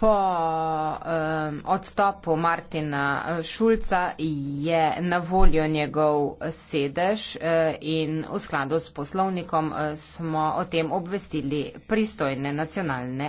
po um, odstopu Martina eh, Šulca je na voljo njegov eh, sedež eh, in v skladu s poslovnikom smo o tem obvestili pristojne nacionalne